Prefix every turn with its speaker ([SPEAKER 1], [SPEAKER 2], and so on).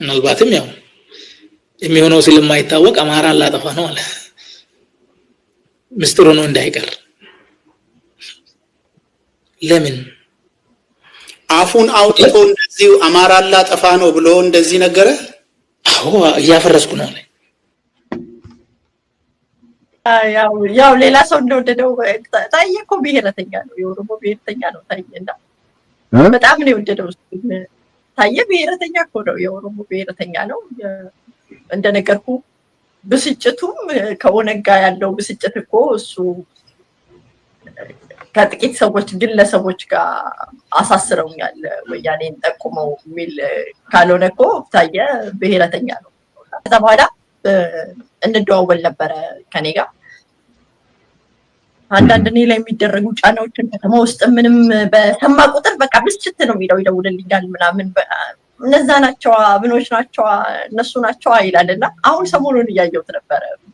[SPEAKER 1] ምናልባትም ያው የሚሆነው ስለማይታወቅ አማራ ላጠፋ ነው አለ። ምስጢሩ ነው እንዳይቀር። ለምን አፉን አውጥቶ እንደዚህ አማራ ላጠፋ ነው ብሎ እንደዚህ ነገረ? አዎ እያፈረስኩ ነው አለ።
[SPEAKER 2] ያው ሌላ ሰው እንደወደደው ታየ እኮ ብሔረተኛ ነው፣ የኦሮሞ ብሔረተኛ ነው ታየ እና በጣም ነው የወደደው ታየ ብሔረተኛ እኮ ነው፣ የኦሮሞ ብሔረተኛ ነው። እንደነገርኩ ብስጭቱም ከኦነግ ጋር ያለው ብስጭት እኮ እሱ ከጥቂት ሰዎች ግለሰቦች ጋር አሳስረውኛል ወያኔን ጠቁመው የሚል ካልሆነ እኮ ታየ ብሔረተኛ ነው። ከዛ በኋላ እንደዋወል ነበረ ከኔ ጋር አንዳንድ እኔ ላይ የሚደረጉ ጫናዎችን ከተማ ውስጥ ምንም በሰማ ቁጥር በቃ ብስጭት ነው የሚለው፣ ይደውልልኛል ምናምን እነዛ ናቸዋ፣ ብኖች ናቸዋ፣ እነሱ ናቸዋ ይላል እና አሁን ሰሞኑን እያየሁት ነበረ